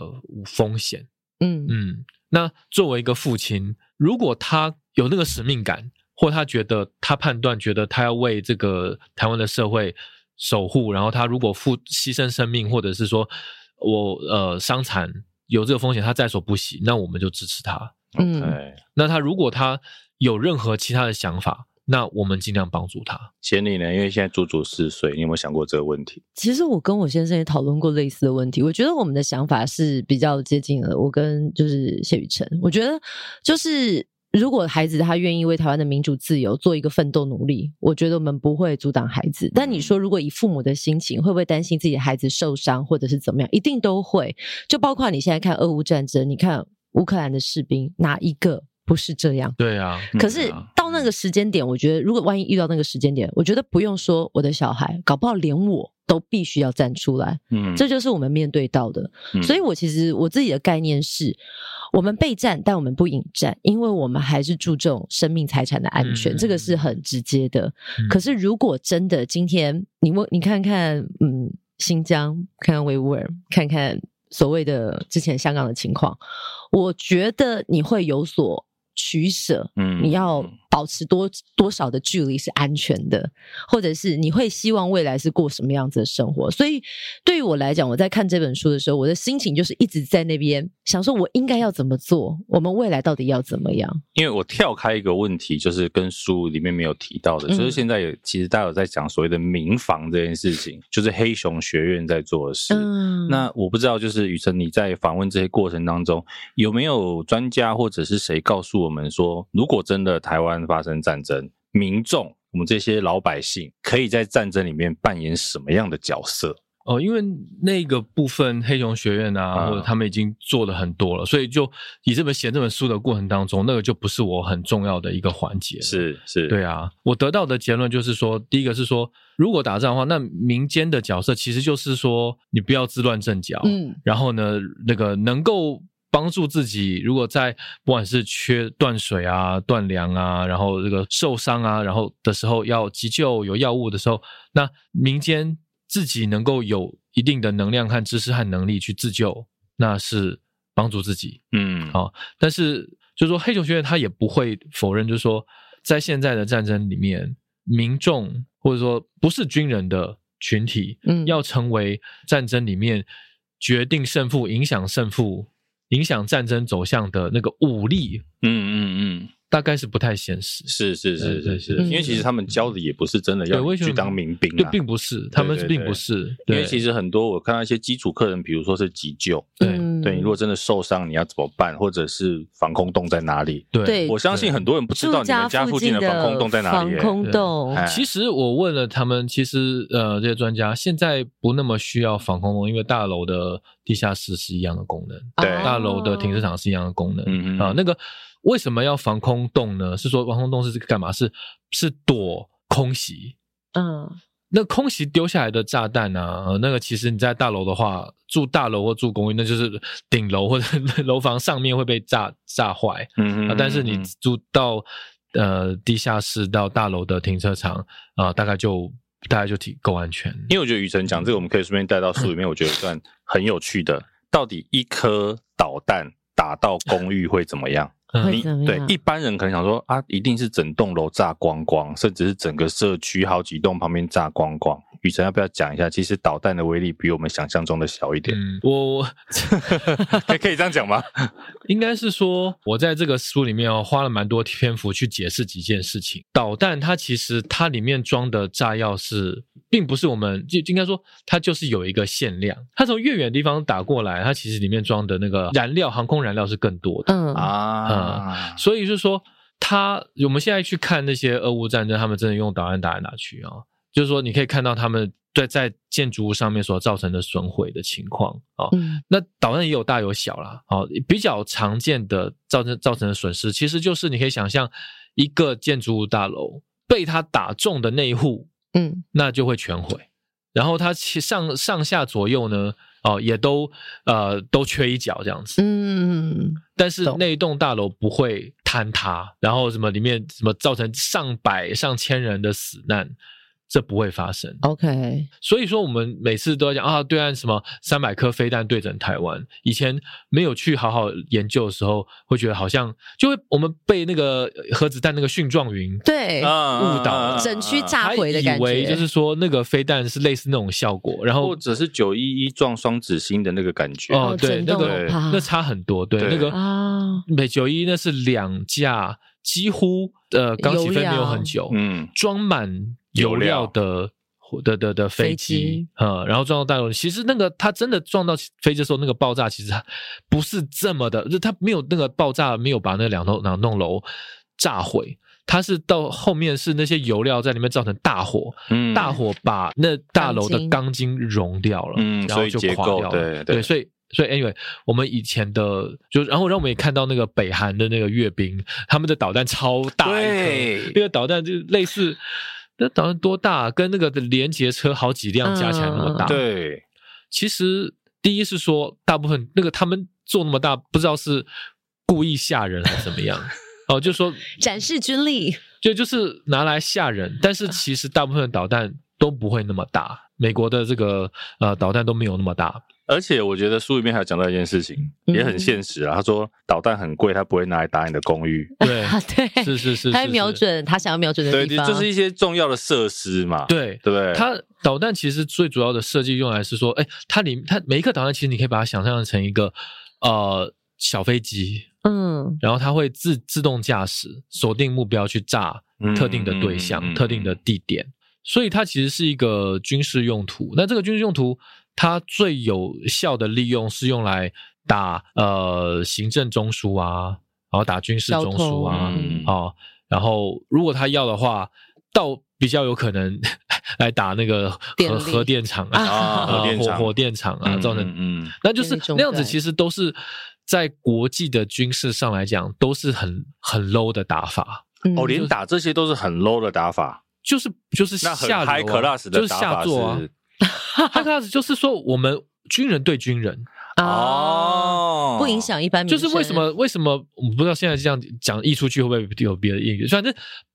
風險？嗯嗯，那作為一個父親，如果他有那個使命感，或他覺得他判斷覺得他要為這個台灣的社會守護，然後他如果付犧牲生命，或者是說我呃傷殘有這個風險，他在所不惜，那我們就支持他。嗯、okay，那他如果他有任何其他的想法。那我們儘量幫助他。前里呢？因為現在足足四歲，你有沒有想過這個問題？其實我跟我先生也討論過類似的問題。我覺得我們的想法是比較接近的。我跟就是謝宇程，我覺得就是如果孩子他願意為台灣的民主自由做一個奮鬥努力，我覺得我們不會阻擋孩子。但你說，如果以父母的心情，會不會擔心自己的孩子受傷或者是怎麼樣？一定都會。就包括你現在看俄烏戰爭，你看烏克蘭的士兵，哪一個？不是這樣，對啊。可是到那個時間點，嗯，我覺得如果萬一遇到那個時間點，我覺得不用說，我的小孩，搞不好連我都必須要站出來。嗯，這就是我們面對到的。嗯，所以我其實我自己的概念是，我們備戰，但我們不引戰，因為我們還是注重生命財產的安全，嗯，這個是很直接的，嗯。可是如果真的今天你問你看看，嗯，新疆看看維吾爾，看看所謂的之前香港的情況，我覺得你會有所。取捨，嗯，你要，保持多多少的距離是安全的，或者是你會希望未來是過什麼樣子的生活？所以對於我來講，我在看這本書的時候，我的心情就是一直在那邊想說，我應該要怎麼做？我們未來到底要怎麼樣？因為我跳開一個問題，就是跟書裡面沒有提到的，就、嗯、是現在有，其實大家有在講所謂的民防這件事情，就是黑熊學院在做的事。嗯、那我不知道，就是宇程你在訪問這些過程當中，有沒有專家或者是誰告訴我們說，如果真的台灣發生戰爭，民眾，我們這些老百姓可以在戰爭裡面扮演什麼樣的角色？哦，因為那個部分，黑熊學院啊，啊或者他們已經做了很多了，所以就以這麼寫這本書的過程當中，那個就不是我很重要的一個環節。是是，對啊，我得到的結論就是說，第一個是說，如果打仗的話，那民間的角色其實就是說，你不要自亂陣腳，嗯，然後呢，那個能夠。幫助自己，如果在不管是缺斷水啊、斷糧啊，然後這個受傷啊，然後的時候要急救有藥物的時候，那民間自己能夠有一定的能量和知識和能力去自救，那是幫助自己，嗯，好。但是就是說，黑熊學院他也不會否認，就是說，在現在的戰爭裡面，民眾或者說不是軍人的群體，嗯，要成為戰爭裡面決定勝負、影響勝負，影響戰爭走向的那個武力。嗯嗯嗯。大概是不太現實。是是是，對對對是，是,是,是是是，因為其實他們教的也不是真的要去當民兵，啊，對，並不是，對對對，他們並不是對對對。因為其實很多我看到一些基礎客人，比如說是急救，對對，對，你如果真的受傷你要怎麼辦，或者是防空洞在哪裡？對？對，我相信很多人不知道你們家附近的防空洞在哪裡，欸。防空洞，其實我問了他們，其實呃，這些專家現在不那麼需要防空洞，因為大樓的地下室是一樣的功能，對。哦、大樓的停車場是一樣的功能，啊、哦，那個。嗯嗯為什麼要防空洞呢？是說防空洞是幹嘛？是是躲空襲。嗯，那空襲丟下來的炸彈啊，那個其實你在大樓的話，住大樓或住公寓，那就是頂樓或者樓房上面會被炸炸壞。嗯，哼嗯哼、啊，但是你住到呃地下室到大樓的停車場啊，大概就大概就挺夠安全。因為我覺得宇程講這個，我們可以順便帶到書裡面、嗯。我覺得算很有趣的，到底一顆導彈打到公寓會怎麼樣？嗯嗯、你對一般人可能想說啊，一定是整棟樓炸光光，甚至是整個社區好幾棟旁邊炸光光。宇程要不要講一下？其實導彈的威力比我們想象中的小一點。嗯、我我， 可以這樣講嗎？ 應該是說，我在這個書裡面哦，花了蠻多篇幅去解釋幾件事情。導彈它其實它裡面裝的炸藥是。並不是我們就應該說，它就是有一個限量。它從越遠的地方打過來，它其實裡面裝的那個燃料，航空燃料是更多的啊、嗯嗯。所以就是說，它我們現在去看那些俄烏戰爭，他們真的用導彈打來打去啊、哦，就是說你可以看到他們在在建築物上面所造成的損毀的情況啊、哦嗯。那導彈也有大有小啦，哦，比較常見的造成造成的損失，其實就是你可以想象一個建築物大樓被它打中的那一戶。嗯， 那就會全毀，然後它上上下左右呢，哦、呃，也都呃都缺一角這樣子。嗯，但是那一棟大樓不會坍塌，嗯，然後什麼裡面什麼造成上百上千人的死難。這不會發生，OK。所以說，我們每次都要講啊，對岸什麼三百顆飛彈對準台灣，以前沒有去好好研究的時候，會覺得好像就會我們被那個核子彈那個蕈狀雲誤導、對、啊、誤導，整區炸毀的感覺，以為就是說那個飛彈是類似那種效果，然後或者是九一一撞雙子星的那個感覺哦對、那個對，對，那個那差很多，對那個啊，對九一一那是兩架幾乎呃剛起飛沒有很久，嗯，裝滿。油料,料的的的的飛,飛機，嗯，然後撞到大樓。其實那個他真的撞到飛機的時候，那個爆炸其實不是這麼的，就他沒有那個爆炸沒有把那兩棟兩棟樓炸毀，他是到後面是那些油料在裡面造成大火，嗯、大火把那大樓的鋼筋融掉了，嗯，然後就垮掉了，對、嗯、所以,對對對所,以所以 anyway，我們以前的就然後讓我們也看到那個北韓的那個閱兵，他們的導彈超大一顆，對，那個導彈就類似。那導彈多大啊？跟那個連接車好幾輛加起來那麼大？嗯，對，其實第一是說，大部分那個他們做那麼大，不知道是故意嚇人還是怎麼樣。哦，就是說展示軍力，就就是拿來嚇人。但是其實大部分導彈都不會那麼大，美國的這個呃導彈都沒有那麼大。而且我覺得書裡面還有講到一件事情，嗯、也很現實啊。他說導彈很貴，他不會拿來打你的公寓。對 對，是是是，是，他瞄準是是他想要瞄準的地方，對，就是一些重要的設施嘛。對對，對，它導彈其實最主要的設計用來是說，哎、欸，它裡它每一顆導彈其實你可以把它想象成一個呃小飛機，嗯，然後它會自自動駕駛鎖定目標去炸特定的對象、嗯、特定的地點、嗯嗯，所以它其實是一個軍事用途。那這個軍事用途，他最有效的利用是用來打呃行政中樞啊，然後打軍事中樞啊，哦、嗯啊，然後如果他要的話，倒比較有可能來打那個核電核電廠啊，啊，啊，啊，核電廠啊，啊，這種，嗯，那、嗯嗯、就是那樣子，其實都是在國際的軍事上來講，都是很很 low 的打法，嗯就是，哦，連打這些都是很 low 的打法，就是就是下、啊、很就是下座，high class 的打法是，就是下座啊哈哈，就是說，我們軍人對軍人哦、oh，不影響一般，就是為什麼？為什麼？我不知道現在這樣講譯出去會不會有別的意義？反正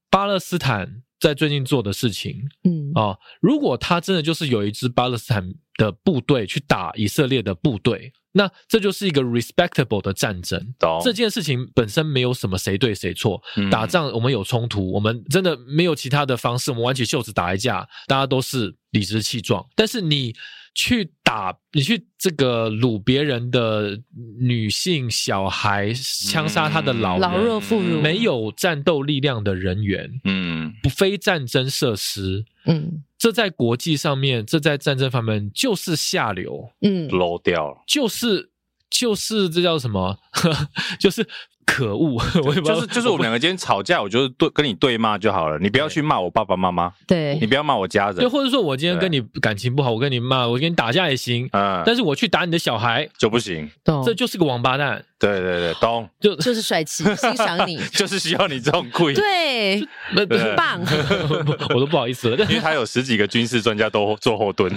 巴勒斯坦在最近做的事情，嗯啊，如果他真的就是有一支巴勒斯坦的部隊去打以色列的部隊。那這就是一個 respectable 的戰爭。這件事情本身沒有什麼誰對誰錯。嗯。打仗我們有衝突，我們真的沒有其他的方式，我們挽起袖子打一架，大家都是理直氣壯。但是你去打，你去這個擄別人的女性小孩，槍殺他的老老弱婦孺，沒有戰鬥力量的人員，嗯，不非戰爭設施，嗯。這在國際上面，這在戰爭方面就是下流，嗯，low 掉了，就是就是這叫什麼？ 就是。可惡！ 我也不知道、就是就是我們兩個今天吵架，我就是對跟你對罵就好了，你不要去罵我爸爸媽媽，對，你不要罵我家人對，對，或者說我今天跟你感情不好，我跟你罵，我跟你打架也行，啊、嗯，但是我去打你的小孩就不行，懂，這就是個王八蛋，對對對，懂，就就是帥氣，欣賞你， 就是需要你這種酷，對，那棒， 我都不好意思了， 因為他有十幾個軍事專家都做後盾 ，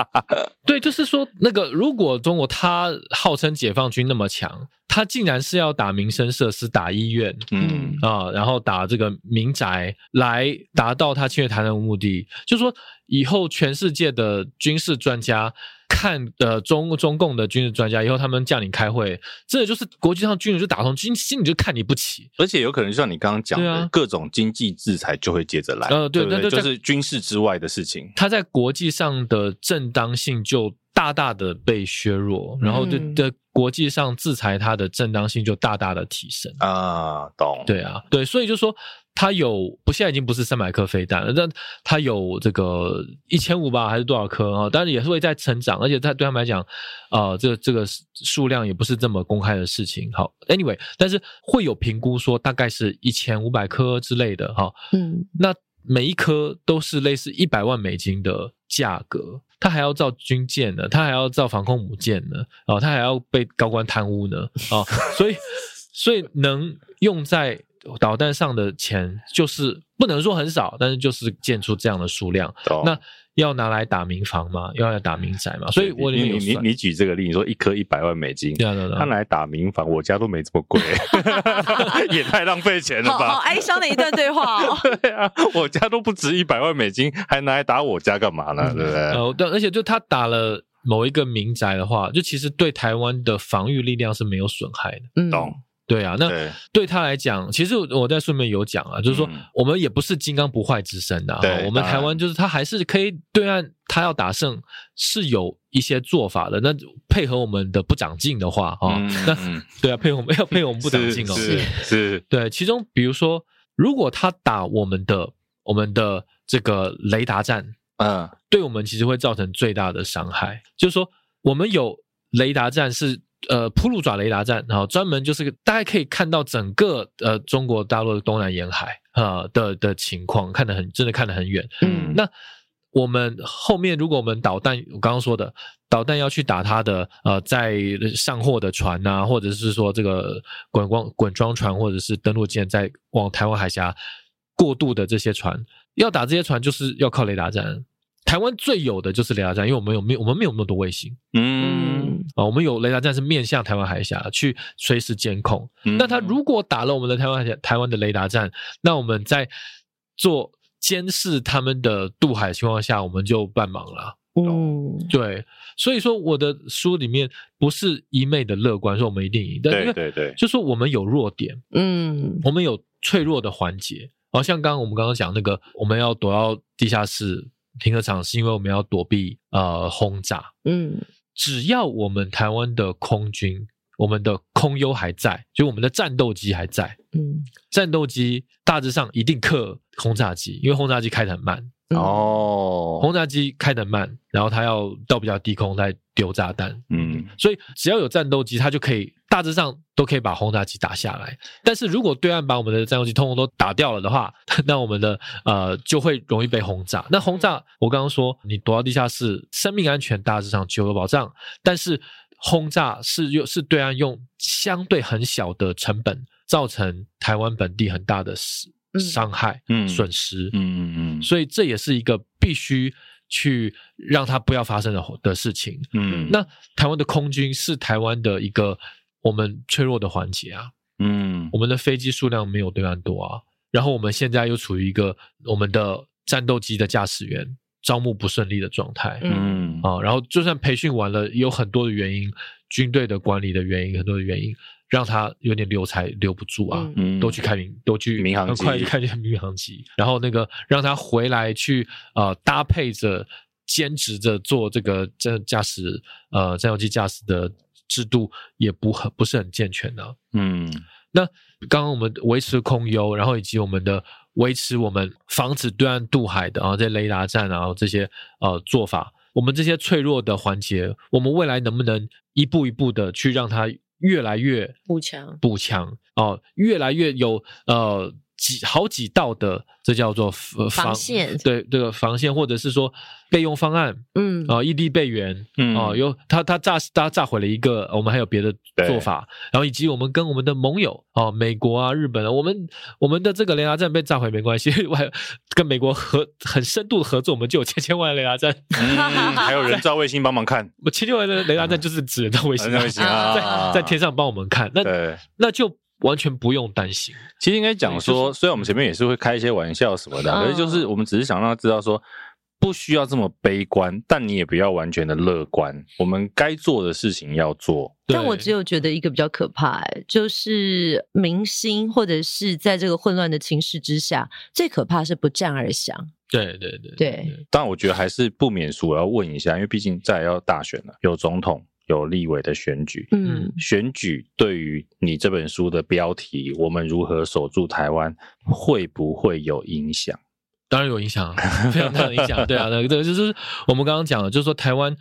對，就是說那個如果中國他號稱解放軍那麼強，他竟然是要。打民生設施，打醫院，嗯啊，然後打這個民宅，來達到他侵略台灣的目的。就是說以後全世界的軍事專家看，看、呃、的中中共的軍事專家，以後他們叫你開會，這就是國際上軍人就打通軍心裡就看你不起，而且有可能像你剛剛講的，各種經濟制裁就會接着來。呃、啊，對,對，那就,就是軍事之外的事情，他在國際上的正當性就大大的被削弱，嗯、然後對的。國際上制裁它的正當性就大大的提升啊，懂，對啊，對，所以就是說它有，不現在已經不是三百顆飛彈了，但它有這個一千五百還是多少顆啊？但是也是會在成長，而且它對他們來講，啊，這個這個數量也不是這麼公開的事情。好，anyway，但是會有評估說大概是一千五百顆之類的哈，哦，嗯，那每一顆都是類似一百萬美金的價格。他還要造軍艦呢，他還要造防空母艦呢，哦，他還要被高官貪污呢，哦、 所以，所以能用在導彈上的錢就是不能說很少，但是就是建出這樣的數量，oh. 那。要拿來打民房嗎？要來打民宅嗎？所以我裡面有你你，你，你，你舉這個例子，你說一顆一百萬美金，對啊對對，他拿來打民房，我家都沒這麼貴， 也太浪費錢了吧！好，好哀傷的一段對話、哦、 對啊，我家都不值一百萬美金，還拿來打我家幹嘛呢、嗯？對不對？哦，對，而且就他打了某一個民宅的話，就其實對台灣的防御力量是沒有損害的。嗯。懂。對啊，那對他來講，其實我在順面有講啊，就是說我們也不是金剛不壞之身的，啊嗯，我們台灣就是他還是可以對岸，他要打勝是有一些做法的。那配合我們的不長進的話啊，嗯，那、嗯、對啊，配合我們要配合我們不長進哦，是是，是。對，其中比如說，如果他打我們的我們的這個雷達站啊、嗯，對我們其實會造成最大的傷害。就是說，我們有雷達站是。呃，鋪路爪雷達站，然後專門就是大家可以看到整個呃中國大陸的東南沿海啊、呃、的的情況，看得很真的看得很遠。嗯，那我們後面如果我們導彈，我剛剛說的導彈要去打它的呃在上貨的船啊，或者是說這個滾光滾裝船或者是登陸艦在往台灣海峽過渡的這些船，要打這些船就是要靠雷達站。台灣最有的就是雷達站，因為我們有沒我們沒有那麼多衛星，嗯啊，我們有雷達站是面向台灣海峽去隨時監控。嗯，那他如果打了我們的台灣台灣的雷達站，那我們在做監視他們的渡海情況下，我們就半盲了。嗯、哦，對，所以說我的書裡面不是一昧的樂觀，說我們一定贏，對對對，就是說我們有弱點，嗯，我們有脆弱的環節，好、啊、像剛剛我們剛剛講那個，我們要躲到地下室、停車場是因為我們要躲避呃轟炸，嗯，只要我們台灣的空軍，我們的空優還在，就我們的戰鬥機還在，嗯，戰鬥機大致上一定克轟炸機，因為轟炸機開得很慢哦，轟炸機開得很慢，然後它要到比較低空來丟炸彈，嗯，所以只要有戰鬥機，它就可以。大致上都可以把轟炸機打下來，但是如果對岸把我們的戰鬥機通通都打掉了的話，那我們的呃就會容易被轟炸。那轟炸，我剛剛說你躲到地下室，生命安全大致上就有保障，但是轟炸是用是對岸用相對很小的成本造成台灣本地很大的傷傷害、損失。嗯嗯嗯，所以這也是一個必須去讓它不要發生的的事情。嗯，那台灣的空軍是台灣的一個。我們脆弱的環節啊，嗯，我們的飛機數量沒有對岸多啊，然後我們現在又處於一個我們的戰鬥機的駕駛員招募不順利的狀態，嗯啊，然後就算培訓完了，也有很多的原因，軍隊的管理的原因，很多的原因讓他有點留才留不住啊，嗯，都去開民都去民航機，快去開民航機，然後那個讓他回來去啊、呃，搭配着兼職着做這個戰駕駛，呃，戰鬥機駕駛的，制度也不很不是很健全的，嗯，那剛剛我們維持空優，然後以及我們的維持我們防止對岸渡海的啊，這雷達站啊這些呃做法，我們這些脆弱的環節，我們未來能不能一步一步的去讓它越來越補強補強啊，越來越有呃。幾好幾道的，這叫做防線。對，這個防線，或者是說備用方案嗯、啊，嗯，啊異地備援，嗯，啊，有他他炸他炸毀了一個，我們還有別的做法，然後以及我們跟我們的盟友啊，美國啊，日本、啊，我們我們的這個雷達站被炸毀沒關係，我還跟美國合很深度合作，我們就有千千萬雷達站，嗯， 還有人造衛星幫忙看，不，千千萬的雷達站就是指人造衛星啊，啊，在，在天上幫我們看，那那就。完全不用擔心。其實應該講說，說，雖然我們前面也是會開一些玩笑什麼的、嗯，可是就是我們只是想讓他知道說，不需要這麼悲觀，但你也不要完全的樂觀。我們該做的事情要做。但我只有覺得一個比較可怕、欸，就是明星或者是在這個混亂的情勢之下，最可怕是不戰而降。對對對對，對，對。但我覺得還是不免俗，我要問一下，因為畢竟再要大選了，有總統。有立委的選舉，嗯，選舉對於你這本書的標題《我們如何守住台灣》會不會有影響？當然有影響，非常大的影響。對啊，對就是我們剛剛講的就是說台灣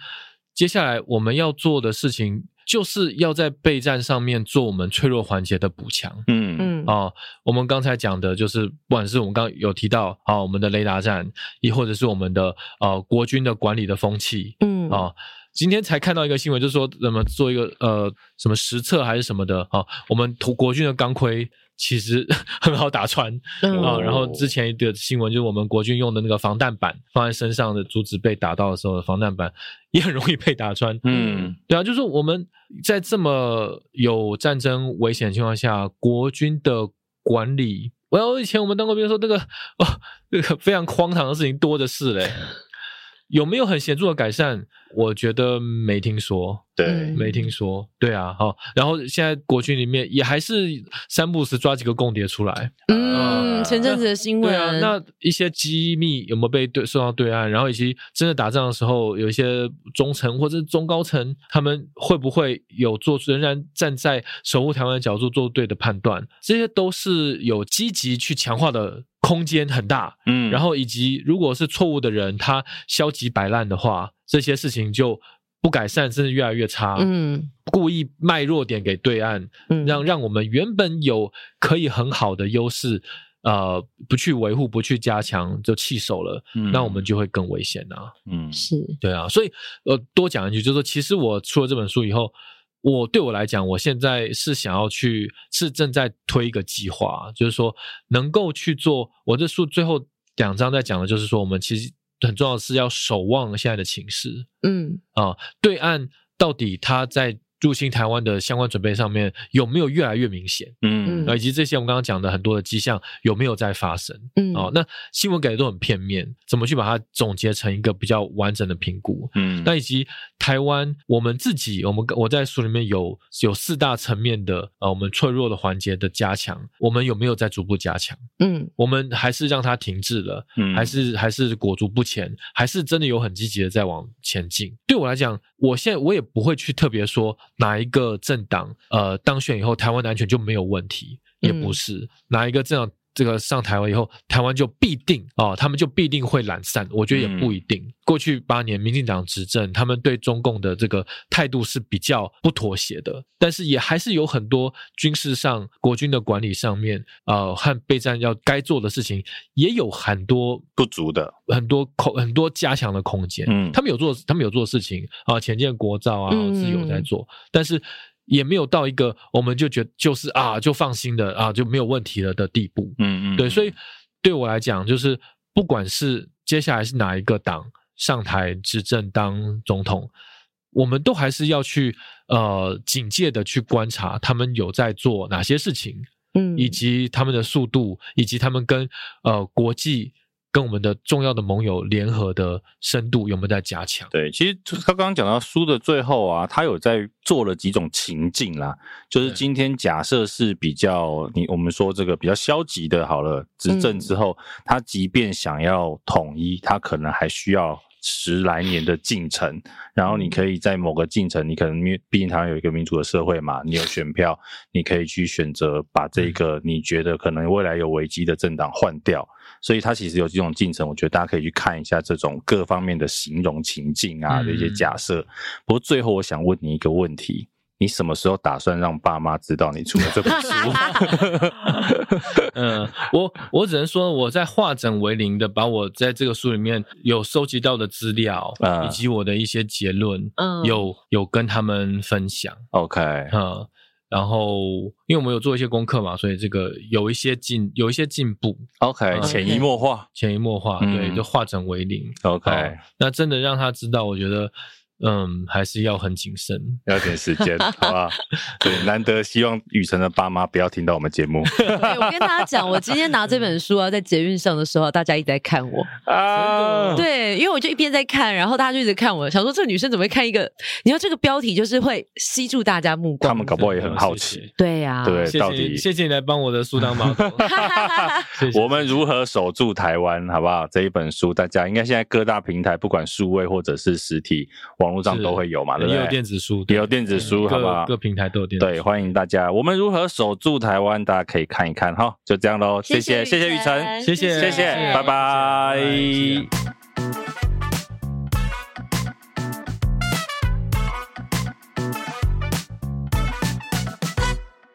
接下來我們要做的事情，就是要在備戰上面做我們脆弱環節的補強。嗯嗯，啊、呃，我們剛才講的就是，不管是我們剛剛有提到啊、呃，我們的雷達站，亦或者是我們的啊、呃，國軍的管理的風氣，嗯啊。呃今天才看到一個新聞，就是說怎麼做一個呃什麼實測還是什麼的啊？我們國軍的鋼盔其實很好打穿啊。然後之前的新聞就是我們國軍用的那個防彈板，放在身上的，阻止被打到的時候，防彈板也很容易被打穿。嗯，對啊，就是我們在這麼有戰爭危險情況下，國軍的管理，我以前我們當過兵，說那個哦，那個非常荒唐的事情多的是嘞、哎。有沒有很顯著的改善？我覺得沒聽說，對，沒聽說，對啊，好，然後現在國軍裡面也還是三不時抓幾個共諜出來，嗯，前陣子的新聞，對啊，那一些機密有沒有被對送到對岸？然後以及真的打仗的時候，有一些中層或者中高層，他們會不會有做仍然站在守護台灣的角度做對的判斷？這些都是有積極去強化的空間很大，嗯，然後以及如果是錯誤的人，他消極擺爛的話。這些事情就不改善，甚至越來越差。嗯，故意賣弱點給對岸，嗯、讓讓我們原本有可以很好的優勢，呃，不去維護、不去加強，就棄守了。嗯，那我們就會更危險啊。嗯，是，對啊。所以，呃，多講一句，就是說，其實我出了這本書以後，我對我來講，我現在是想要去，是正在推一個計劃，就是說，能夠去做。我這書最後兩章在講的就是說，我們其實。很重要的是要守望現在的情勢，嗯啊、呃，對岸到底他在入侵台灣的相關準備上面有沒有越來越明顯？嗯，啊，以及這些我們剛剛講的很多的跡象有沒有在發生？嗯，哦，那新聞給的都很片面，怎麼去把它總結成一個比較完整的評估？嗯，那以及台灣我們自己，我們我在書裡面有有四大層面的呃，我們脆弱的環節的加強，我們有沒有在逐步加強？嗯，我們還是讓它停滯了？嗯，還是還是裹足不前？還是真的有很積極的在往前進？對我來講，我現在我也不會去特別說。哪一個政黨呃，當選以後，台灣的安全就沒有問題，也不是哪一個政黨。這個上台灣以後，台灣就必定啊、呃，他們就必定會懶散。我覺得也不一定。嗯、過去八年民進黨執政，他們對中共的這個態度是比較不妥協的，但是也還是有很多軍事上國軍的管理上面啊、呃、和備戰要該做的事情，也有很多不足的，很多空很多加強的空間。嗯，他們有做，他們有做事情、呃、啊，潛艦國造啊是有在做、嗯，但是。也沒有到一個我們就覺得就是啊就放心的啊就沒有問題了的地步，嗯嗯，嗯，對，所以對我來講，就是不管是接下來是哪一個黨上台執政當總統，我們都還是要去呃警戒的去觀察他們有在做哪些事情，嗯，以及他們的速度，以及他們跟呃國際。跟我們的重要的盟友聯合的深度有沒有在加強？對，其實剛剛講到書的最後啊，他有在做了幾種情境啦，就是今天假設是比較你我們說這個比較消極的，好了，執政之後，嗯，他即便想要統一，他可能還需要十來年的進程。然後你可以在某個進程，你可能畢竟他有一個民主的社會嘛，你有選票，你可以去選擇把這個你覺得可能未來有危機的政黨換掉。所以它其實有幾種進程，我覺得大家可以去看一下這種各方面的形容情境啊，的一些假設、嗯。不過最後我想問你一個問題：你什麼時候打算讓爸媽知道你出了這本書？ 嗯，我我只能說我在化整為零的把我在這個書裡面有收集到的資料，以及我的一些結論，嗯，有有跟他們分享。OK，嗯。然後，因為我們有做一些功課嘛，所以這個有一些進，有一些進步。OK，嗯，潛移默化，潛移默化，對，嗯，就化整為零。OK，嗯，那真的讓他知道，我覺得。嗯，還是要很謹慎，要點時間，好不好？ 對，難得，希望宇程的爸媽不要聽到我們節目 對。我跟大家講，我今天拿這本書啊，在捷運上的時候，啊，大家一直在看我啊。對，因為我就一邊在看，然後大家就一直看我，想說這個女生怎麼會看一個？你說這個標題就是會吸住大家目光，他們搞不好也很好奇。對呀，啊，對謝謝，到底？謝謝你來幫我的蘇當貓。謝 我們如何守住台灣，好不好？這一本書，大家應該現在各大平台，不管數位或者是實體，網絡上都會有嘛，對不對？有電子書，也有電子書，也有電子書好吧，各平台都有電子書。對，歡迎大家。我們如何守住台灣？大家可以看一看哈，就這樣嘍。謝謝，謝謝宇程，謝謝，謝謝，拜拜。